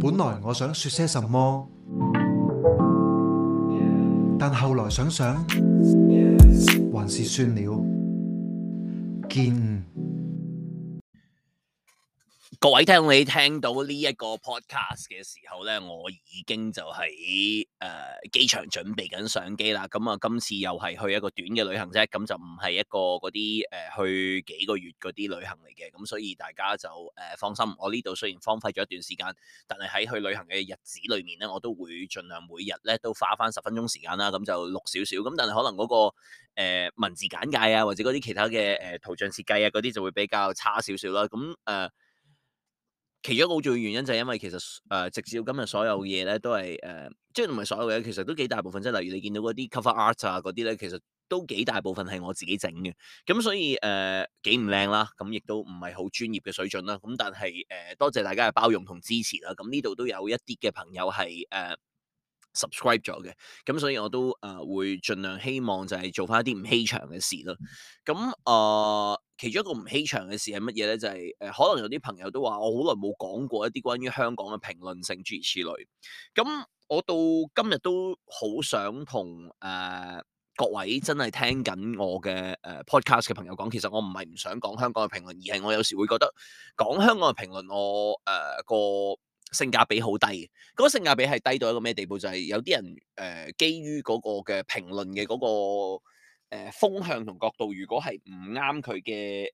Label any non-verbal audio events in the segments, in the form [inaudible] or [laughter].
本來我想說些什麼，但後來想想，還是算了，見。各位聽眾你聽到呢一個 podcast 嘅時候咧，我已經就喺、是、誒、呃、機場準備緊上機啦。咁、嗯、啊，今次又係去一個短嘅旅行啫，咁、嗯、就唔係一個嗰啲誒去幾個月嗰啲旅行嚟嘅。咁、嗯、所以大家就誒、呃、放心，我呢度雖然荒廢咗一段時間，但係喺去旅行嘅日子裏面咧，我都會盡量每日咧都花返十分鐘時間啦。咁、嗯、就錄少少，咁、嗯、但係可能嗰、那個、呃、文字簡介啊，或者嗰啲其他嘅誒、呃、圖像設計啊嗰啲就會比較差少少啦。咁、嗯、誒。呃呃其中一個好重要原因就係因為其實誒、呃、直至到今日所有嘢咧都係誒、呃，即係唔係所有嘅，其實都幾大部分，即係例如你見到嗰啲 cover art 啊嗰啲咧，其實都幾大部分係我自己整嘅，咁所以誒、呃、幾唔靚啦，咁亦都唔係好專業嘅水準啦，咁但係誒、呃、多謝大家嘅包容同支持啦，咁呢度都有一啲嘅朋友係誒。呃 subscribe 咗嘅，咁所以我都誒、呃、會盡量希望就係做翻一啲唔欺場嘅事咯。咁誒、呃、其中一個唔欺場嘅事係乜嘢咧？就係、是、誒、呃、可能有啲朋友都話我好耐冇講過一啲關於香港嘅評論性諸如此類。咁我到今日都好想同誒、呃、各位真係聽緊我嘅誒、呃、podcast 嘅朋友講，其實我唔係唔想講香港嘅評論，而係我有時會覺得講香港嘅評論我誒、呃、個性價比好低，嗰個性價比係低到一個咩地步？就係、是、有啲人誒、呃，基於嗰個嘅評論嘅嗰、那個誒、呃、風向同角度，如果係唔啱佢嘅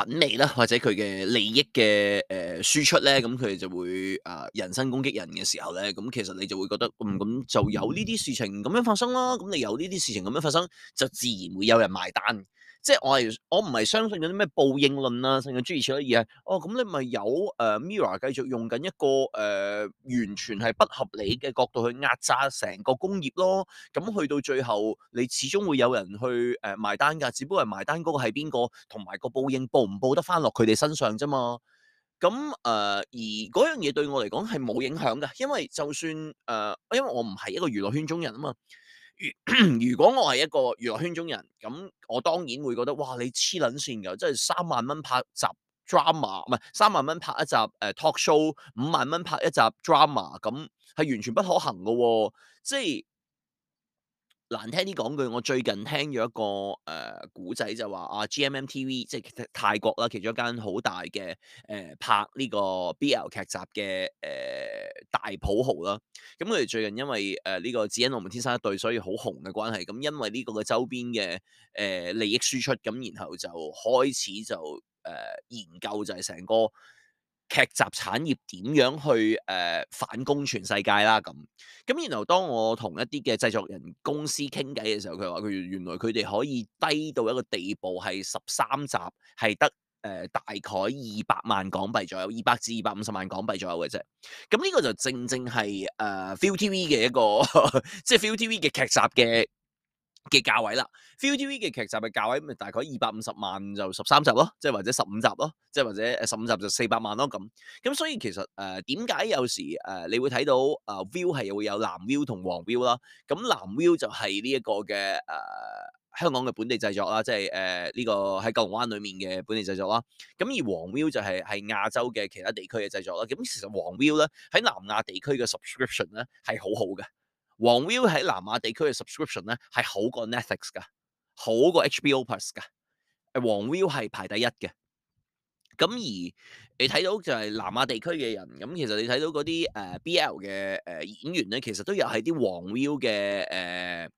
誒品味啦，或者佢嘅利益嘅誒、呃、輸出咧，咁佢哋就會啊、呃、人身攻擊人嘅時候咧，咁其實你就會覺得嗯，咁就有呢啲事情咁樣發生啦。咁你有呢啲事情咁樣發生，就自然會有人埋單。即係我係我唔係相信嗰啲咩報應論啊，甚至諸如此類嘅嘢。哦，咁你咪有誒 Mirror 繼續用緊一個誒、呃、完全係不合理嘅角度去壓榨成個工業咯。咁、嗯、去到最後，你始終會有人去誒、呃、埋單㗎。只不過係埋單嗰個係邊個，同埋個報應報唔報得翻落佢哋身上啫嘛。咁、嗯、誒、呃、而嗰樣嘢對我嚟講係冇影響㗎，因為就算誒、呃，因為我唔係一個娛樂圈中人啊嘛。 [coughs] 如果我係一個娛樂圈中人，咁我當然會覺得，哇！你黐撚線㗎，即係三萬蚊拍集 drama，唔係三萬蚊拍一集誒 talk show，五萬蚊拍一集 drama，咁係完全不可行嘅，即係。難聽啲講句，我最近聽咗一個誒古仔就話啊，GMMTV 即係泰國啦，其中一間好大嘅誒、呃、拍呢個 BL 劇集嘅誒、呃、大寶號啦。咁佢哋最近因為誒呢、呃這個《只因我們天生一對》所以好紅嘅關係，咁因為呢個嘅周邊嘅誒利益輸出，咁然後就開始就誒、呃、研究就係成個。劇集產業點樣去誒、呃、反攻全世界啦咁，咁，然後當我同一啲嘅製作人公司傾偈嘅時候，佢話佢原來佢哋可以低到一個地步係十三集係得誒、呃、大概二百萬港幣左右，二百至二百五十萬港幣左右嘅啫。咁、嗯、呢、這個就正正係誒 ViuTV 嘅一個 [laughs] 即係 ViuTV 嘅劇集嘅。嘅價位啦，ViuTV 嘅劇集嘅價位咪大概二百五十萬就十三集咯，即係或者十五集咯，即係或者誒十五集就四百萬咯咁。咁所以其實誒點解有時誒、呃、你會睇到誒、呃、View 係會有藍 View 同黃 View 啦。咁藍 View 就係呢一個嘅誒、呃、香港嘅本地製作啦，即係誒呢個喺九龍灣裏面嘅本地製作啦。咁而黃 View 就係係亞洲嘅其他地區嘅製作啦。咁其實黃 View 咧喺南亞地區嘅 subscription 咧係好好嘅。王 Viu 喺南亞地區嘅 subscription 咧係好過 Netflix 㗎，好過 HBO Plus 㗎，誒黃 Viu 係排第一嘅。咁而你睇到就係南亞地區嘅人，咁其實你睇到嗰啲誒 BL 嘅誒演員咧，其實都有喺啲黃 Viu 嘅誒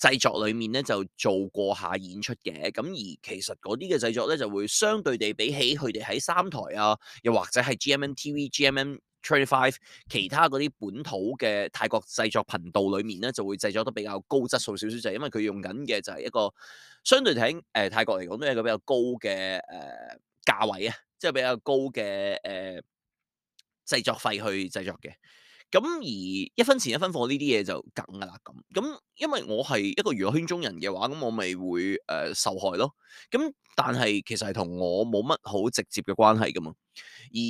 製作裏面咧就做過下演出嘅。咁而其實嗰啲嘅製作咧就會相對地比起佢哋喺三台啊，又或者係 GMMTV、GMM。Twenty-five，其他嗰啲本土嘅泰國製作頻道裏面咧，就會製作得比較高質素少少，就係、是、因為佢用緊嘅就係一個相對喺誒、呃、泰國嚟講，都係一個比較高嘅誒價位啊，即係比較高嘅誒製作費去製作嘅。咁而一分錢一分貨呢啲嘢就梗㗎喇咁。咁因為我係一個娛樂圈中人嘅話，咁我咪會誒、呃、受害咯。咁但係其實係同我冇乜好直接嘅關係㗎嘛。而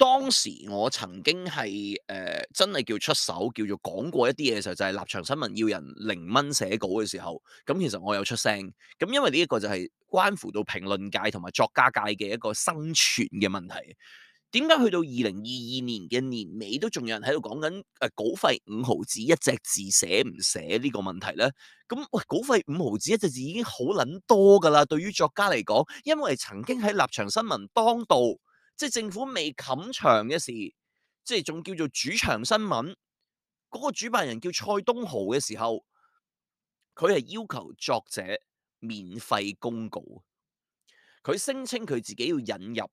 當時我曾經係誒、呃、真係叫出手，叫做講過一啲嘢嘅時候，就係、是、立場新聞要人零蚊寫稿嘅時候，咁其實我有出聲。咁因為呢一個就係關乎到評論界同埋作家界嘅一個生存嘅問題。點解去到二零二二年嘅年尾都仲有人喺度講緊誒稿費五毫子一隻字寫唔寫呢個問題呢？咁、嗯、喂，稿費五毫子一隻字已經好撚多㗎喇，對於作家嚟講，因為曾經喺立場新聞當道。即係政府未冚場嘅事，即係仲叫做主場新聞嗰個主辦人叫蔡東豪嘅時候，佢係要求作者免費公告，佢聲稱佢自己要引入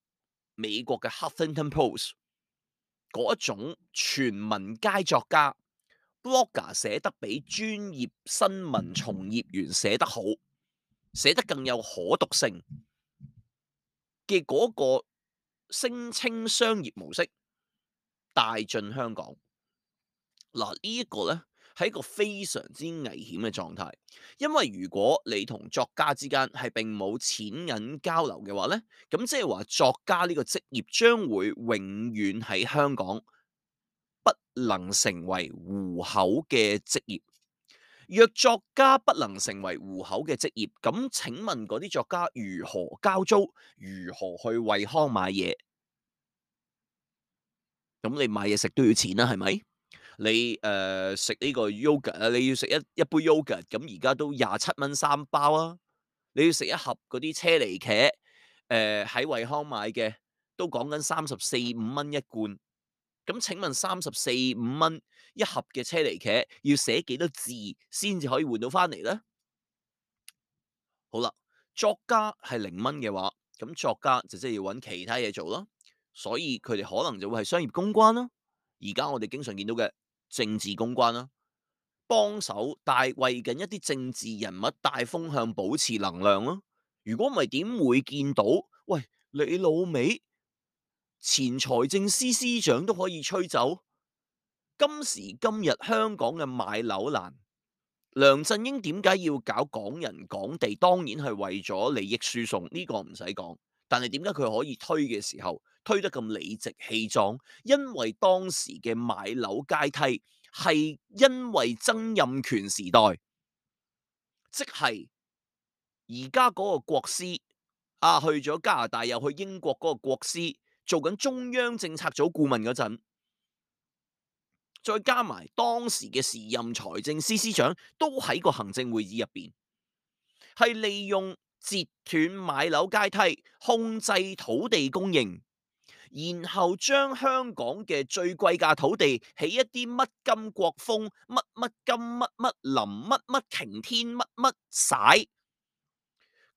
美國嘅《Huffington Post》嗰一種全民皆作家、blogger 寫得比專業新聞從業員寫得好，寫得更有可讀性嘅嗰個。聲稱商業模式帶進香港，嗱、這個、呢一個咧，係一個非常之危險嘅狀態，因為如果你同作家之間係並冇錢銀交流嘅話呢咁即係話作家呢個職業將會永遠喺香港不能成為糊口嘅職業。若作家不能成為糊口嘅職業，咁請問嗰啲作家如何交租？如何去惠康買嘢？咁你買嘢食都要錢啦，係咪？你誒食呢個 yogurt，你要食一一杯 yogurt，咁而家都廿七蚊三包啊！你要食一盒嗰啲車厘茄，誒喺惠康買嘅都講緊三十四五蚊一罐。咁請問三十四五蚊一盒嘅車厘茄要寫幾多字先至可以換到翻嚟咧？好啦，作家係零蚊嘅話，咁作家就即係要揾其他嘢做咯，所以佢哋可能就會係商業公關啦。而家我哋經常見到嘅政治公關啦，幫手帶為緊一啲政治人物帶風向、保持能量咯。如果唔係點會見到？喂，你老味。前財政司司長都可以吹走，今時今日香港嘅買樓難，梁振英點解要搞港人港地？當然係為咗利益輸送，呢個唔使講。但係點解佢可以推嘅時候推得咁理直氣壯？因為當時嘅買樓階梯係因為曾蔭權時代，即係而家嗰個國師啊，去咗加拿大又去英國嗰個國師。做緊中央政策組顧問嗰陣，再加埋當時嘅時任財政司司長，都喺個行政會議入邊，係利用截斷買樓階梯，控制土地供應，然後將香港嘅最貴價土地起一啲乜金國風乜乜金乜乜林乜乜擎天乜乜玺。什麼什麼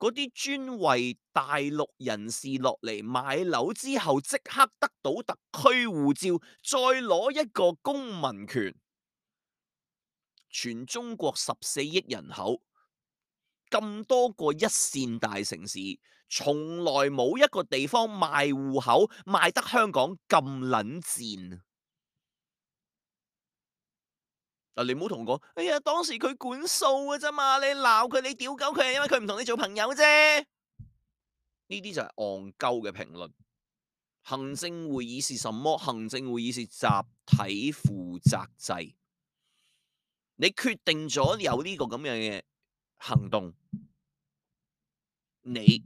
嗰啲專為大陸人士落嚟買樓之後，即刻得到特區護照，再攞一個公民權。全中國十四億人口，咁多個一線大城市，從來冇一個地方賣戶口，賣得香港咁撚賤。嗱，你唔好同我講，哎呀，當時佢管數嘅啫嘛，你鬧佢，你屌鳩佢，係因為佢唔同你做朋友啫。呢啲就係戇鳩嘅評論。行政會議是什麼？行政會議是集體負責制。你決定咗有呢個咁樣嘅行動，你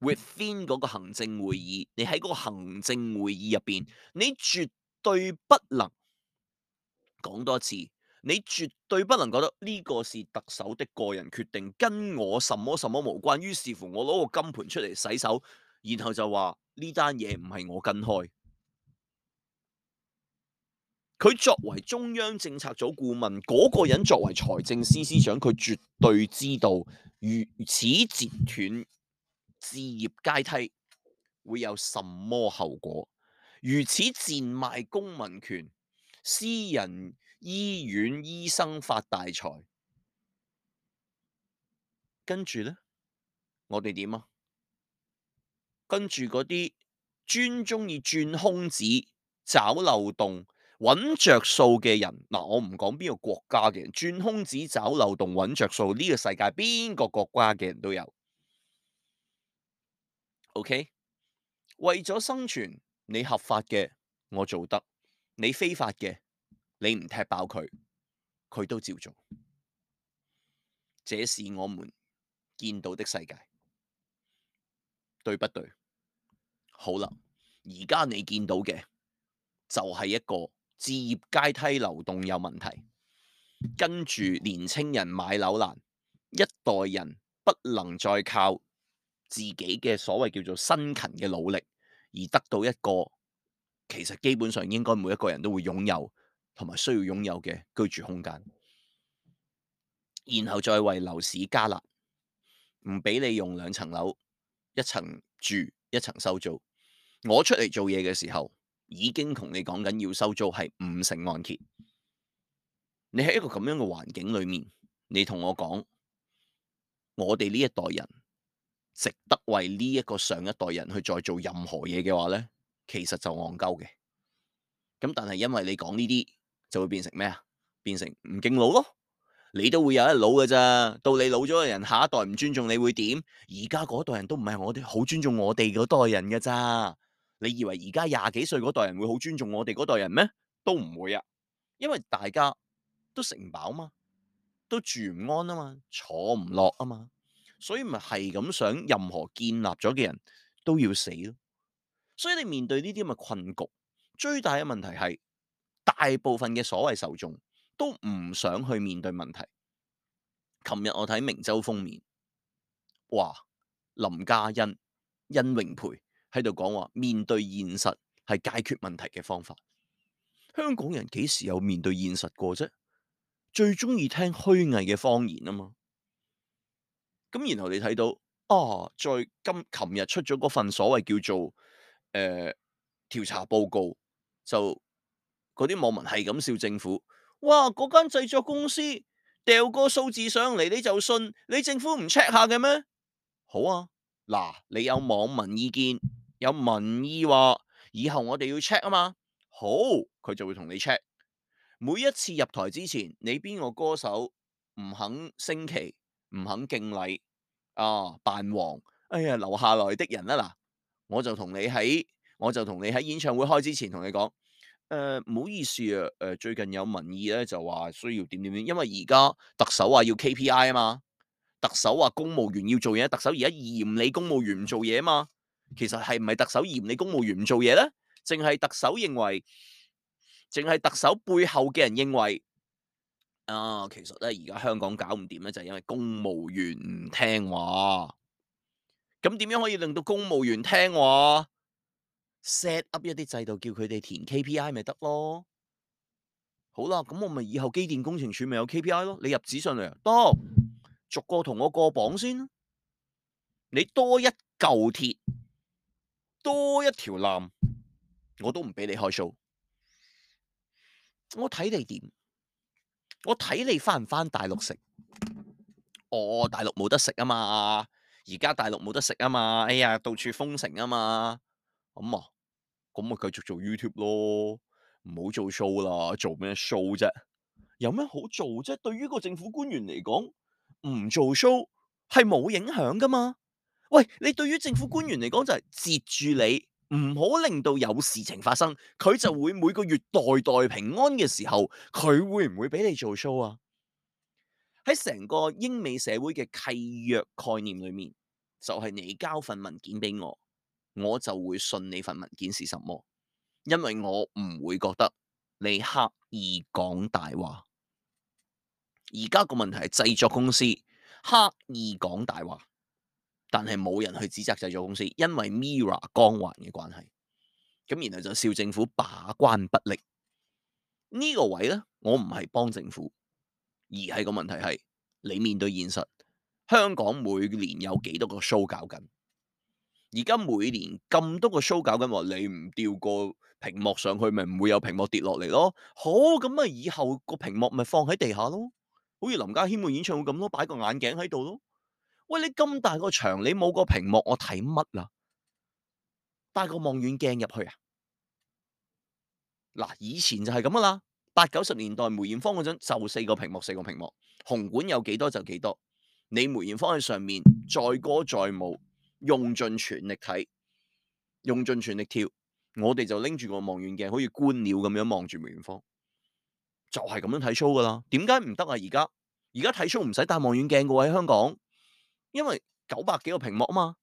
within 嗰個行政會議，你喺個行政會議入邊，你絕對不能講多次。你絕對不能覺得呢個是特首的個人決定，跟我什麼什麼無關。於是乎，我攞個金盆出嚟洗手，然後就話呢單嘢唔係我跟開。佢作為中央政策組顧問，嗰、那個人作為財政司司長，佢絕對知道如此截斷置業階梯會有什麼後果，如此賤賣公民權、私人。醫院醫生發大財，跟住咧，我哋點啊？跟住嗰啲專中意轉空子、找漏洞、揾着數嘅人，嗱，我唔講邊個國家嘅人，轉空子、找漏洞、揾着數。呢個世界邊個國家嘅人都有。OK，為咗生存，你合法嘅我做得，你非法嘅。你唔踢爆佢，佢都照做。這是我們見到的世界，對不對？好啦，而家你見到嘅就係一個置業階梯流動有問題，跟住年青人買樓難，一代人不能再靠自己嘅所謂叫做辛勤嘅努力而得到一個，其實基本上應該每一個人都會擁有。同埋需要擁有嘅居住空間，然後再為樓市加壓，唔俾你用兩層樓一層住一層收租。我出嚟做嘢嘅時候，已經同你講緊要收租係五成按揭。你喺一個咁樣嘅環境裏面，你同我講，我哋呢一代人值得為呢一個上一代人去再做任何嘢嘅話呢，其實就戇鳩嘅。咁但係因為你講呢啲。就會變成咩啊？變成唔敬老咯，你都會有一日老嘅咋。到你老咗嘅人，下一代唔尊重你會點？而家嗰代人都唔係我哋好尊重我哋嗰代人嘅咋？你以為而家廿幾歲嗰代人會好尊重我哋嗰代人咩？都唔會啊，因為大家都食唔飽啊嘛，都住唔安啊嘛，坐唔落啊嘛，所以咪係咁想。任何建立咗嘅人都要死咯。所以你面對呢啲咁嘅困局，最大嘅問題係。大部分嘅所謂受眾都唔想去面對問題。琴日我睇明州封面，話林嘉欣、殷永培喺度講話面對現實係解決問題嘅方法。香港人幾時有面對現實過啫？最中意聽虛偽嘅謊言啊嘛！咁然後你睇到啊，在今琴日出咗嗰份所謂叫做誒調、呃、查報告就。嗰啲網民係咁笑政府，哇！嗰間製作公司掉個數字上嚟你就信？你政府唔 check 下嘅咩？好啊，嗱，你有網民意見，有民意話，以後我哋要 check 啊嘛。好，佢就會同你 check。每一次入台之前，你邊個歌手唔肯升旗、唔肯敬禮啊？扮王，哎呀，留下來的人啦嗱，我就同你喺，我就同你喺演唱會開之前同你講。誒，唔好意思啊，誒、呃，最近有民意咧，就話需要點點點，因為而家特首話要 KPI 啊嘛，特首話公務員要做嘢，特首而家嫌你公務員唔做嘢啊嘛，其實係唔係特首嫌你公務員唔做嘢咧？淨係特首認為，淨係特首背後嘅人認為，啊，其實咧而家香港搞唔掂咧，就係因為公務員唔聽話，咁點樣可以令到公務員聽話？set up 一啲制度，叫佢哋填 KPI 咪得咯。好啦，咁我咪以後機電工程署咪有 KPI 咯。你入紙上嚟啊，多逐個同我過榜先。你多一舊鐵，多一條纜，我都唔俾你開 show。我睇你點，我睇你翻唔翻大陸食。哦，大陸冇得食啊嘛，而家大陸冇得食啊嘛。哎呀，到處封城啊嘛，咁、嗯、啊。咁咪繼續做 YouTube 咯，唔好做 show 啦，做咩 show 啫？有咩好做啫？對於個政府官員嚟講，唔做 show 係冇影響噶嘛？喂，你對於政府官員嚟講就係截住你，唔好令到有事情發生，佢就會每個月代代平安嘅時候，佢會唔會俾你做 show 啊？喺成個英美社會嘅契約概念裏面，就係你交份文件俾我。我就會信你份文件是什麼，因為我唔會覺得你刻意講大話。而家個問題係製作公司刻意講大話，但係冇人去指責製作公司，因為 Mirror 光環嘅關係。咁然後就笑政府把關不力呢，呢個位咧，我唔係幫政府，而係個問題係你面對現實，香港每年有幾多個 show 搞緊。而家每年咁多個 show 搞緊，話你唔掉個屏幕上去，咪唔會有屏幕跌落嚟咯。好咁啊，以後個屏幕咪放喺地下咯。好似林家謙個演唱會咁咯，擺個眼鏡喺度咯。喂，你咁大個場，你冇個屏幕，我睇乜啊？帶個望遠鏡入去啊！嗱，以前就係咁噶啦。八九十年代梅艷芳嗰陣就四個屏幕，四個屏幕，紅館有幾多就幾多。你梅艷芳喺上面載歌載舞。用盡全力睇，用盡全力跳，我哋就拎住個望遠鏡，好似觀鳥咁樣望住梅艷芳，就係、是、咁樣睇 show 噶啦。點解唔得啊？而家而家睇 show 唔使戴望遠鏡噶喎，喺香港，因為九百幾個屏幕啊嘛。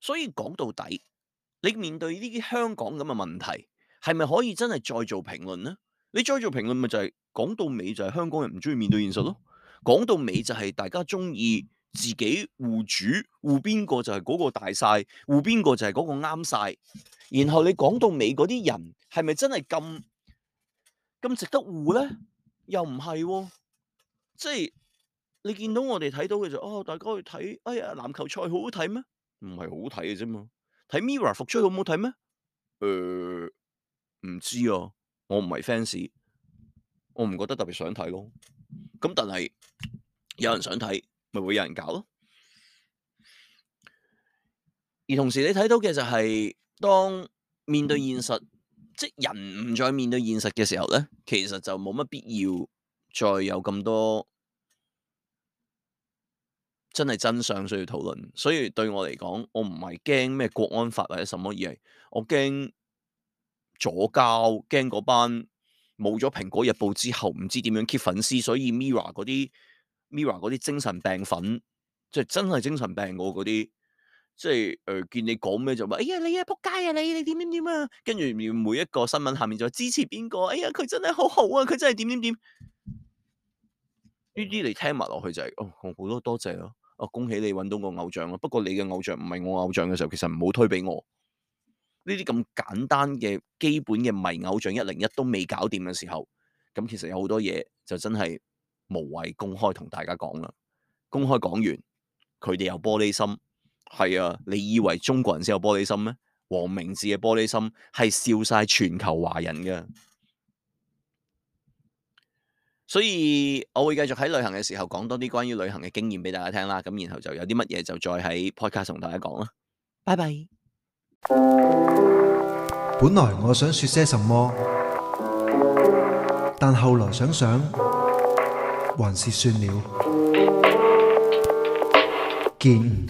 所以講到底，你面對呢啲香港咁嘅問題，係咪可以真係再做評論呢？你再做評論咪就係、是、講到尾就係香港人唔中意面對現實咯，講到尾就係大家中意。自己護主護邊個就係嗰個大晒，護邊個就係嗰個啱晒。然後你講到尾嗰啲人係咪真係咁咁值得護咧？又唔係喎，即係你見到我哋睇到嘅就哦，大家去睇哎呀籃球賽好好睇咩？唔係好睇嘅啫嘛。睇 Mirror 復出好唔好睇咩？誒、呃、唔知啊，我唔係 fans，我唔覺得特別想睇咯。咁但係有人想睇。咪會有人搞咯，而同時你睇到嘅就係、是、當面對現實，即係人唔再面對現實嘅時候咧，其實就冇乜必要再有咁多真係真相需要討論。所以對我嚟講，我唔係驚咩國安法或者什麼嘢，我驚左膠，驚嗰班冇咗《蘋果日報》之後唔知點樣 keep 粉絲，所以 Mirror 嗰啲。m 咪話嗰啲精神病粉，即係真係精神病個嗰啲，即係誒見你講咩就話，哎呀你啊，仆街啊，你你點點點啊。跟住每一個新聞下面就支持邊個，哎呀佢真係好好啊，佢真係點點點，呢啲你聽埋落去就係哦好多多謝咯，哦恭喜你揾到個偶像咯，不過你嘅偶像唔係我偶像嘅時候，其實唔好推俾我。呢啲咁簡單嘅基本嘅迷偶像一零一都未搞掂嘅時候，咁其實有好多嘢就真係。無謂公開同大家講啦，公開講完，佢哋有玻璃心，係啊，你以為中國人先有玻璃心咩？黃明志嘅玻璃心係笑晒全球華人嘅，所以我會繼續喺旅行嘅時候講多啲關於旅行嘅經驗俾大家聽啦。咁然後就有啲乜嘢就再喺 podcast 同大家講啦。拜拜。本來我想說些什麼，但後來想想。還是算了，見。